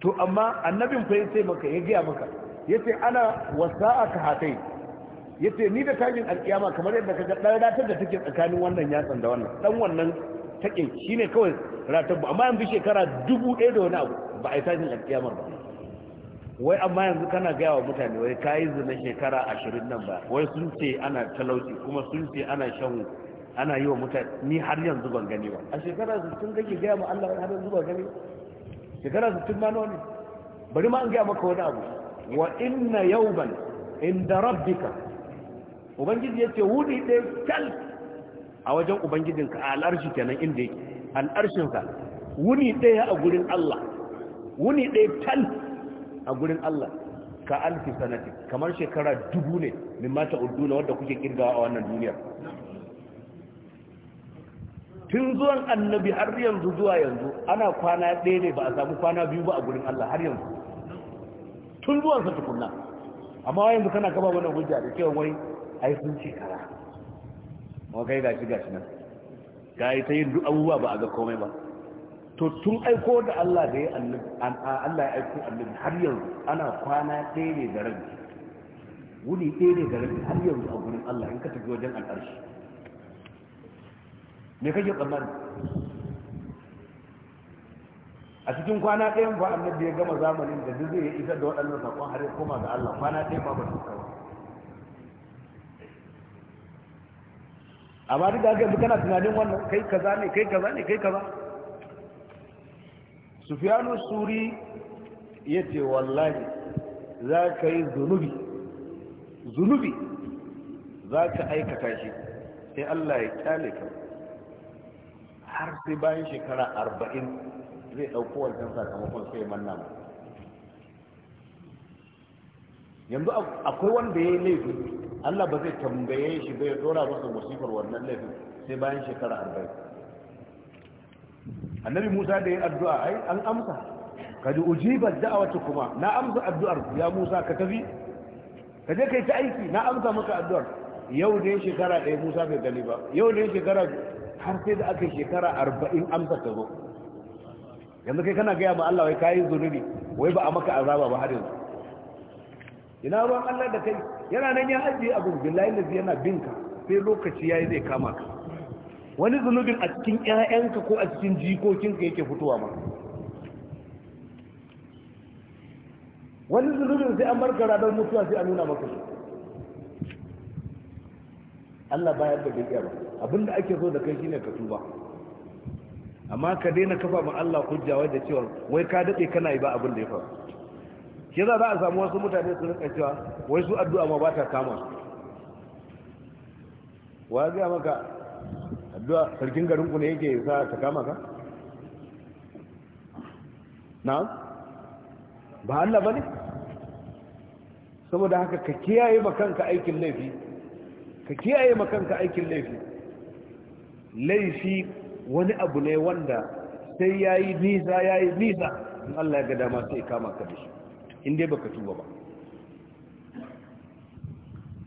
to amma annabin fa yace maka ya gaya maka yace ana ka hatai yace ni da tajin alkiyama kamar yadda kaga dan rata da take tsakanin wannan yatsan da wannan dan wannan take shine kawai ratar amma amma bi shekara dubu ɗaya da wani abu ba a yi tajin alkiyama ba wai amma yanzu kana gaya wa mutane wai ka yi zina shekara ashirin nan ba wai sun ce ana talauci kuma sun ce ana shan ana yi wa mutane ni har yanzu ban gani ba a shekara sittin kake gaya ma Allah har yanzu ban gani shekara su ma mano ne bari ma an gaya maka wani abu wa inna yawman inda rabbika ubangiji yace wuni ɗaya kal a wajen ubangijinka a al'arshi kenan inda yake al'arshinka wuni ɗaya a gurin Allah wuni ɗaya tal a gurin Allah ka alfi sanati kamar shekara dubu ne min mata uddu na wadda kuke kirgawa a wannan duniya tun zuwan annabi har yanzu zuwa yanzu ana kwana ɗaya ne ba a samu kwana biyu ba a gurin Allah har yanzu tun zuwan sa tukunna amma yanzu kana gaba wannan hujja da cewa wai ai sun ce kara ma kai gashi gashi nan ga ta yin duk abubuwa ba a ga komai ba to tun aiko da Allah da ya Allah ya aiko annabi har yanzu ana kwana ɗaya ne da rabi wuni ɗaya ne da rabi har yanzu a gurin Allah in ka tafi wajen al'arshi me kake tsammani a cikin kwana ɗayan ba annabi ya gama zamanin da duk zai isa da waɗannan saƙon har ya koma ga Allah kwana ɗaya ba ba su kawo amma duk da aka yanzu kana tunanin wannan kai kaza ne kai kaza ne kai kaza sufiyanu suri ya ce wallahi za ka yi zunubi zunubi za ka aikata shi sai allah ya kyale ka har sai bayan shekara arba'in zai ɗauko wancan sakamakon sai manna yanzu akwai wanda ya yi laifin allah ba zai tambaye shi ba ya dora masa musifar wannan laifin sai bayan shekara arba'in annabi musa da ya addu'a ai an amsa ka ji ujibar da'awata kuma na amsa addu'ar ya musa ka tafi ka je kai ta aiki na amsa maka addu'ar yau da ya shekara ɗaya musa bai gani ba yau da ya shekara har sai da aka shekara arba'in amsa ta zo yanzu kai kana gaya ma Allah wai kayi zunubi wai ba a maka azaba ba har yanzu ina ruwan Allah da kai yana nan ya ajiye abu billahi lazi yana binka sai lokaci yayi zai kama ka wani zunubin a cikin ƴaƴanka ko a cikin jikokinka yake fitowa ma wani zunubin sai an barka ranar mutuwa sai a nuna maka shi Allah bayar da gaskiya ba abinda ake so da kai shine ka tuba amma ka daina kafa ma Allah hujja wai da cewa wai ka dade kana yi ba abin da ya faru shi za a samu wasu mutane su rika cewa wai su addu'a ma ba ta kama wa ga maka addu'a sarkin garin ku ne yake sa ta kama ka na ba Allah bane saboda haka ka kiyaye ma kanka aikin laifi ka kiyaye ma kanka aikin laifi laifi wani abu ne wanda sai yayi nisa yayi nisa in Allah ya ga dama sai kama ka da shi in dai baka tuba ba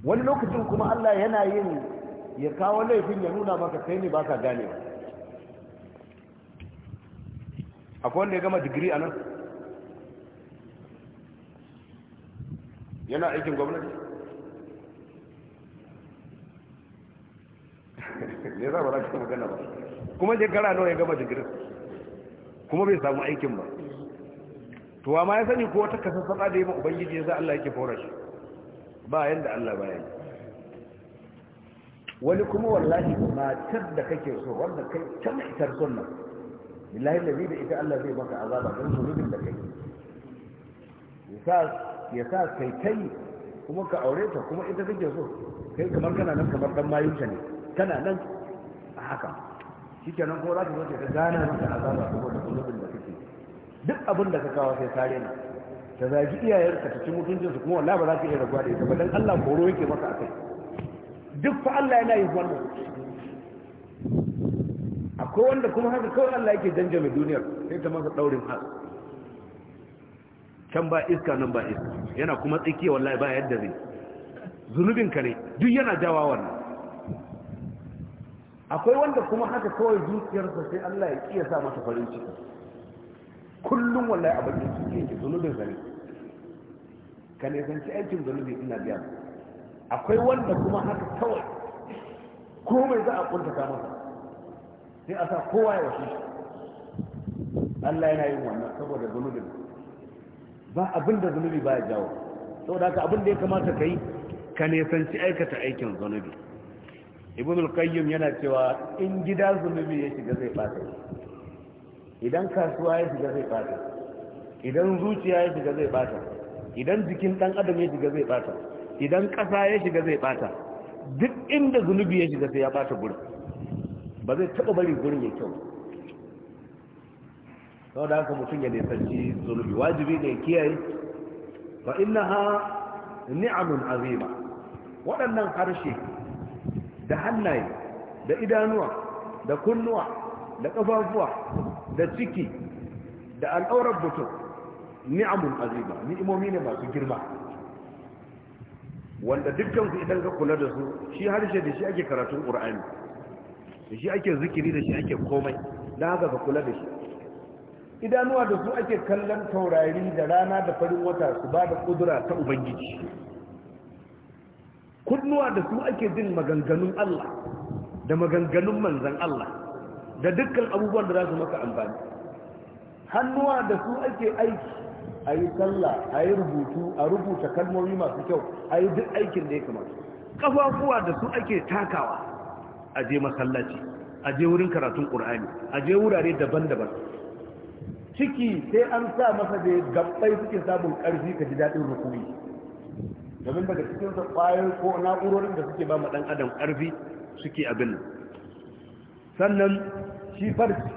wani lokacin kuma Allah yana yin ya kawo laifin ya nuna maka kai ne baka gane ba akwai wanda ya gama digiri a nan yana aikin gwamnati ne za ba za ka magana ba kuma gara nawa ya gama digirin kuma bai samu aikin ba to ma ya sani ko wata kasar sada da yi ma ubangiji ya za Allah yake fara shi ba yadda Allah ba yi wani kuma wallahi matar da kake so wanda kai can itar sunna billahi da da ita Allah zai maka azaba don zunubin da kai ya sa kai kai kuma ka aure ta kuma ita kake so kai kamar kana nan kamar dan mayunta ne kana nan a haka nan ko za ka zo ta gana maka azaba saboda zunubin da kake duk abin da ka kawo sai sare na ta zagi iyayenka ta ci mutuncinsu kuma wallahi ba za ka iya raguwa da ita ba Don Allah koro yake maka akai duk fa Allah yana yin wannan akwai wanda kuma haka kawai Allah yake mai duniyar sai ta masa daurin har can ba iska nan ba iska yana kuma tsakiya wallahi ba yadda zai zunubin ka ne duk yana jawa wannan akwai wanda kuma haka kawai zuciyarsa sai Allah ya kiyasa masa farin ciki kullum wallahi a bakin ciki yake zunubin ka ne ka ne zanci aikin zunubi ina biya akwai wanda kuma haka kawai komai za a ta masa sai a sa kowa ya wasu Allah yana yin wannan saboda zunubin ba abin da zunubi ba ya jawo saboda haka abin da ya kamata ka yi ka nesanci aikata aikin zunubi ibn al-qayyim yana cewa in gida zunubi ya shiga zai bata idan kasuwa ya shiga zai bata idan zuciya ya shiga zai bata idan jikin dan adam ya shiga zai bata idan ƙasa ya shiga zai ɓata duk inda zunubi ya shiga sai ya ɓata gurin ba zai taɓa bari gurin ya kyau sau da haka mutum ya nisanci zunubi wajibi ne kiyaye ba inna ha ni'amun azima waɗannan harshe da hannaye da idanuwa da kunnuwa da ƙafafuwa da ciki da al'aurar mutum ni'amun azima ni'imomi ne masu girma wanda dukkan su idan ka kula da su shi harshe da shi ake karatun qur'ani da shi ake zikiri da shi ake komai na haka ka kula da shi idanuwa da su ake kallon taurari da rana da farin wata su ba da kudura ta ubangiji kunnuwa da su ake jin maganganun Allah da maganganun manzan Allah da dukkan abubuwan da za su maka amfani hannuwa da su ake aiki a yi sallah a yi rubutu a rubuta kalmomi masu kyau a yi duk aikin da ya kamata kafafuwa da su ake takawa a je masallaci a je wurin karatun ƙur'ani a je wurare daban-daban ciki sai an sa masa da gabbai suke samun ƙarfi ka ji daɗin rukuni domin daga cikin sa ƙwayar ko na'urorin da suke ba ma ɗan adam ƙarfi suke abin sannan shi farci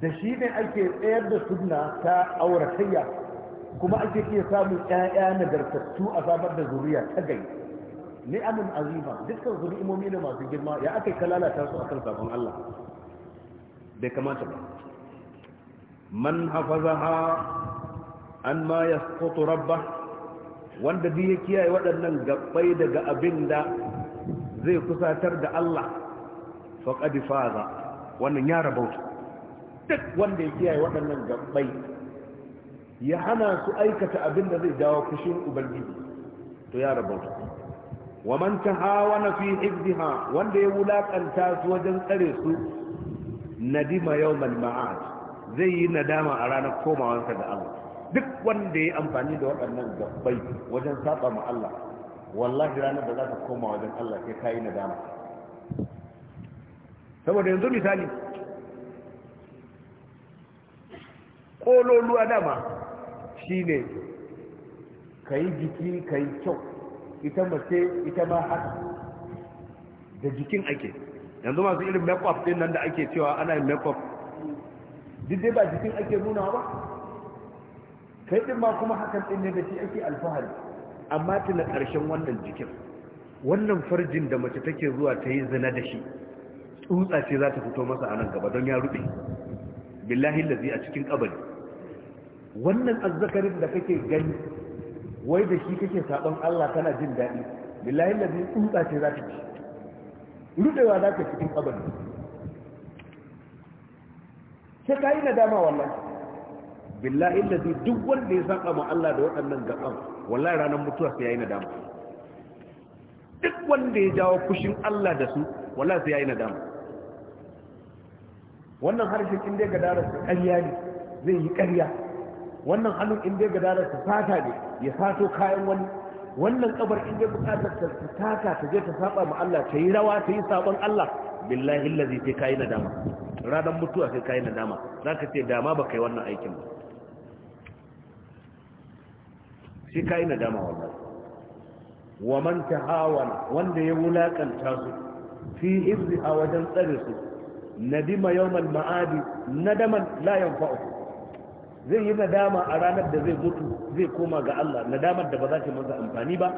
da shi ne ake tsayar da sunna ta auratayya kuma ake iya samun ƴaƴa na nagartattu a samar da zuriya ta gai Ni ni'amun azima dukkan zuri'imomi ne masu girma ya aka ka lalata su a kan sabon Allah bai kamata ba man hafazaha an ma yasqutu rabbah wanda bi ya kiyaye waɗannan gabbai daga abin da zai kusatar da Allah faqad faza wannan ya rabauta duk wanda ya kiyaye waɗannan gabbai ya hana su aikata abin da zai jawo fushin ubangiji to ya rabauta wa man na fi hifdha wanda ya wulakanta su wajen tsare su nadima yawmal ma'ad zai yi nadama a ranar komawansa da Allah duk wanda ya amfani da waɗannan gabbai wajen saba ma Allah wallahi ranar da za ta koma wajen Allah sai kai nadama saboda yanzu misali ƙololuwa dama Shi ne, ka yi jiki ka yi kyau ita mace ita ma haka da jikin ake yanzu masu irin makeup din nan da ake cewa ana yin makeup duk dai ba jikin ake nuna ba kai din ma kuma hakan din ne da shi ake alfahari amma tuna ƙarshen wannan jikin wannan farjin da mace take zuwa ta yi zina da shi tsutsa ce za ta fito masa a nan gaba don ya rube billahi lazi a cikin kabari wannan azzakarin da kake gani wai da shi kake sabon Allah kana jin daɗi billahi ladin tsunta ce za ta ci rudewa za ta cikin abin sai ka yi dama wallahi. billahi ladin duk wanda ya saba ma Allah da waɗannan gaban wallahi ranar mutuwa sai yayi dama. duk wanda ya jawo kushin Allah da su wallahi sai yayi dama. wannan harshen inda ga darasa ƙarya ne zai yi ƙarya wannan hannun in dai gadarar su sata ne ya sato kayan wani wannan kabar in dai bukatar ta sata ta je ta saba ma Allah ta yi rawa ta yi sabon Allah billahi allazi sai kai nadama radan mutuwa sai kai nadama zaka ce dama ba kai wannan aikin ba sai kai nadama wallahi wa man tahawana wanda ya wulakanta su fi a wajen tsare su nadima yawmal ma'adi nadaman la yanfa'u zai yi nadama a ranar da zai mutu zai koma ga Allah nadamar da ba za ta masa amfani ba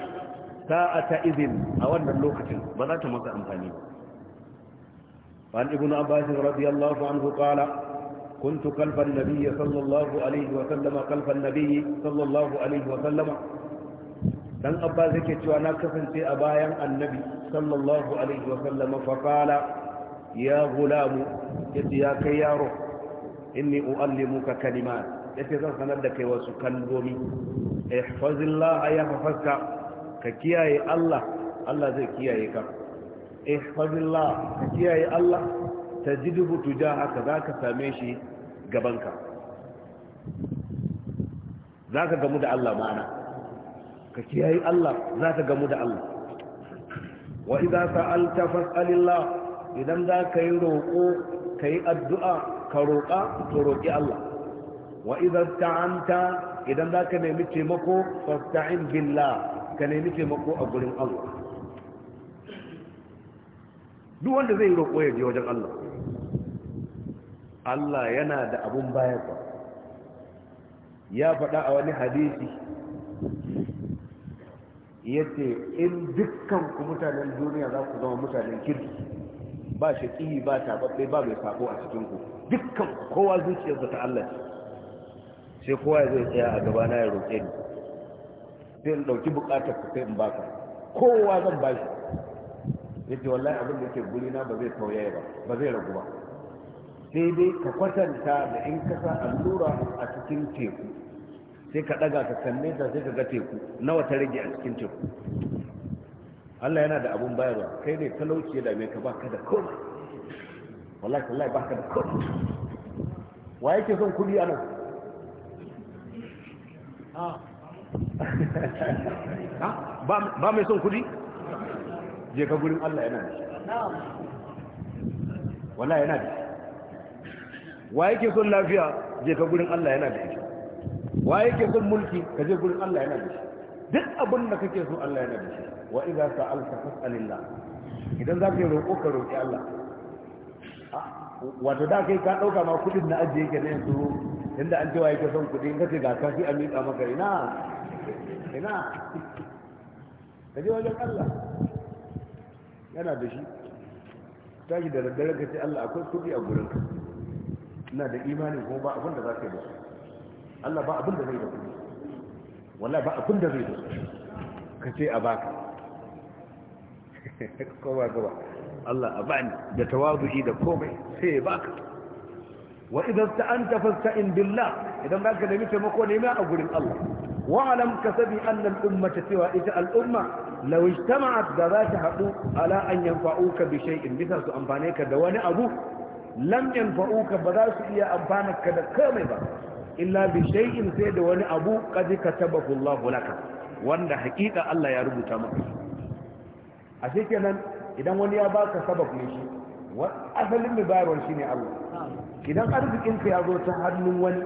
sa'a ta izin a wannan lokacin ba za ta masa amfani ba وعن ابن Abbas رضي الله عنه قال كنت خلف النبي صلى الله عليه وسلم خلف النبي صلى الله عليه وسلم dan abbas yake cewa na kasance a bayan annabi sallallahu alaihi wa sallama. wasallam faqala ya gulamu yadda ya kai yaro inni uallimuka kalimat yace zan sanar da kai wasu kalmomi ihfazillah ya hafazka ka kiyaye Allah Allah zai kiyaye ka ihfazillah ka kiyaye Allah ta haka za ka same shi gabanka za ka gamu da Allah ma'ana ka kiyaye Allah za ka gamu da Allah wa idza sa'alta fas'alillah idan zaka yi ka yi addu'a ka roƙa to roƙi Allah wa idan ta'anta idan za ka nemi taimako fasta'in billah ka nemi taimako a gurin Allah duk wanda zai roƙo ya je wajen Allah Allah yana da abun bayarwa ya faɗa a wani hadisi ya ce in dukkan ku mutanen duniya za ku zama mutanen kirki ba shaƙi ba taɓaɓɓe ba mai sako a cikinku dukkan kowa zuciyarsa ta Allah sai kowa zai tsaya a gaba na ya roƙe ni sai in ɗauki buƙatar ka sai in baka kowa zan ba shi ya ce wallahi abin da ke guri na ba zai tauyaye ba ba zai ragu ba sai dai ka kwatanta da in ka sa allura a cikin teku sai ka ɗaga ka kalle ta sai ka ga teku nawa ta rage a cikin teku Allah yana da abun bayarwa kai ne talauci ya dame ka baka da komai wallahi wallahi baka da komai wa yake son kuɗi a nan ba mai son kudi je ka gurin Allah yana da wala yana da wa yake son lafiya je ka gurin Allah yana da wa yake son mulki ka je gurin Allah yana da duk abin da kake so Allah yana da wa idza sa'alta fas'alillah idan zaka yi roƙo ka roƙi Allah ah, wato da kai ka dauka ma kudin na ajiye ke ne so. inda an cewa yake son kuɗi in kace ga kafi a miƙa maka ina ina ka je wajen Allah yana da shi tashi da daddare ka ce Allah akwai kudi a gurin ina da imani kuma ba abin da za ka yi da su Allah ba abin da zai da kudi wallahi ba abin da zai da su ka ce a baka ko ba ba Allah a bani da tawazu'i da komai sai ya baka wa idan tafasta fasta'in billah idan ba ka nemi taimako nema a gurin Allah wa alam kasabi annal ummata cewa ita al'umma law ijtama'at da za ta hadu ala an yanfa'uka bi shay'in bisa su amfane ka da wani abu lam yanfa'uka ba za su iya amfana ka da komai ba illa bi shay'in sai da wani abu qad katabahu Allah laka wanda hakika Allah ya rubuta maka ashe nan idan wani ya baka sabab ne shi asalin mai bayarwar shi ne Allah idan arzikinka ya zo ta hannun wani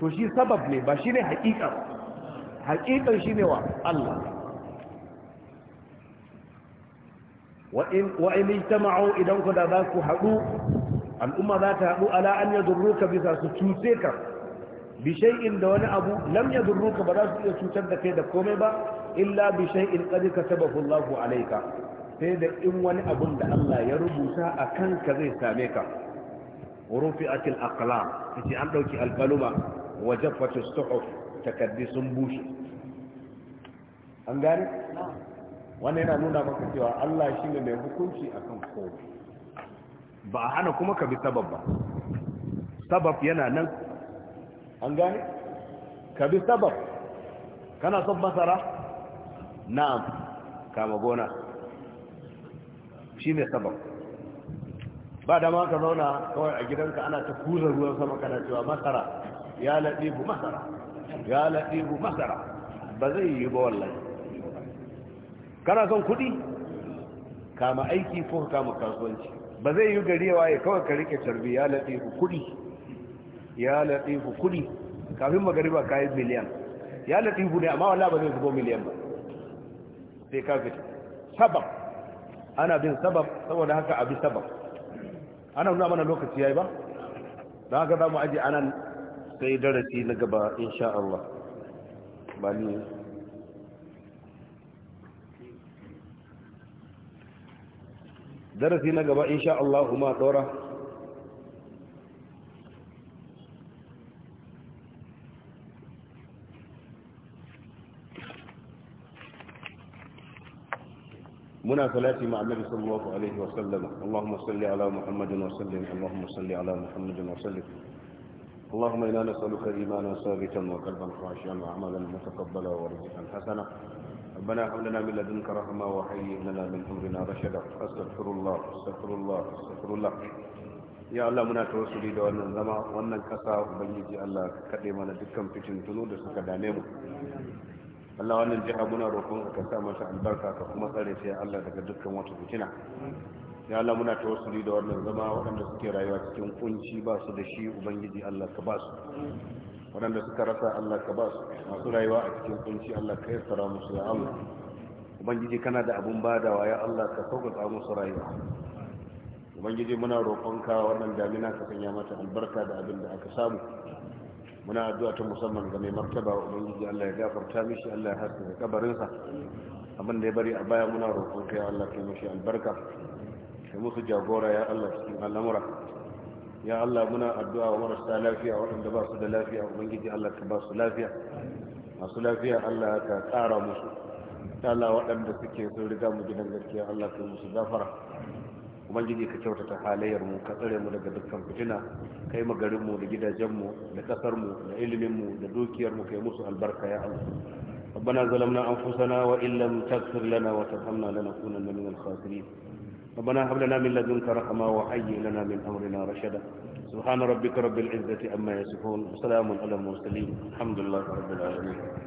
to shi sabab ne ba shi ne haƙiƙar haƙiƙar shi ne wa Allah wa'in ijtama'u idan ku da za ku haɗu al'umma za ta haɗu ala an yadurruka bisa su cuce ka bishai'in da wani abu lam yadurruka ba za su iya cutar da kai da komai ba illa bishai'in qad katabahu Allahu alaika. sai da in wani abun da Allah ya rubuta a kanka zai same ka rufi'atil aqlam yace an ɗauki alqaluma wa jaffat as-suhuf sun bushe an gane Wani yana nuna maka cewa Allah ne mai hukunci a kan kowa ba a hana kuma ka bi sabab ba sabab yana nan an gane ka bi sabab kana son masara na'am kama gona shi ne sabab ba da ma ka zauna kawai a gidanka ana ta kuza ruwan sama kana cewa masara ya laɗibu masara ya laɗibu masara ba zai yi ba wallahi kana son kuɗi kama aiki ko kama kasuwanci ba zai yi gari yawa ya kawai ka rike carbi ya laɗibu kuɗi ya laɗibu kuɗi kafin magariba ka yi miliyan ya laɗibu ne amma wala ba zai zubo miliyan ba sai ka fita sabab ana bin sabab saboda haka abi sabab ana nuna mana lokaci yayi ba da haka za mu aji anan sai darasi na gaba insha Allah ba ni darasi na gaba insha Allah kuma tsora muna salati ma annabi sallallahu alaihi wa sallam Allahumma salli ala Muhammadin wa sallim Allahumma salli ala Muhammadin اللهم إنا نسألك إيمانا ثابتا وقلبا خاشعا وعملا متقبلا ورزقا حسنا ربنا هب لنا من لدنك رحمة وهيئ لنا من أمرنا رشدا أستغفر الله أستغفر الله أستغفر الله ya Allah muna tawassuli da wannan zama wannan kasa ubangiji Allah kaɗe mana dukkan fitin tunu da suka dame mu Allah wannan jiha muna roƙon ka sa masa albarka ka kuma tsare shi Allah daga dukkan wata fitina ya Allah muna tawassuli da wannan zama waɗanda suke rayuwa cikin kunci ba su da shi ubangiji Allah ka ba su waɗanda suka rasa Allah ka ba su masu rayuwa a cikin kunci Allah ka yassara musu ya Allah ubangiji kana da abun badawa ya Allah ka sauƙaƙa musu rayuwa ubangiji muna roƙonka wannan damina ka sanya mata albarka da abin da aka samu muna addu'a ta musamman ga mai martaba ubangiji Allah ya gafarta mishi Allah ya kabarin kabarinsa abin da ya bari a baya muna roƙon kai Allah kai mishi albarka kai musu jagora ya Allah cikin al'amura ya Allah muna addu'a wa marasa lafiya waɗanda ba su da lafiya ubangiji Allah ka ba su lafiya masu lafiya Allah ka ƙara musu ta Allah waɗanda suke sun riga mu gidan gaskiya Allah kai musu gafara ubangiji ka kyautata halayyar mu ka tsare mu daga dukkan fitina kai magarin mu da gidajenmu mu da kasar mu da ilimin mu da dukiyarmu mu kai musu albarka ya Allah rabbana zalamna anfusana wa illam taghfir lana wa tarhamna lanakunanna min al-khasirin rabbana hab lana min ladunka rahma wa hayyi lana min amrina rashada subhana rabbika rabbil izzati amma yasifun wa salamun ala al-mursalin alhamdulillahi rabbil alamin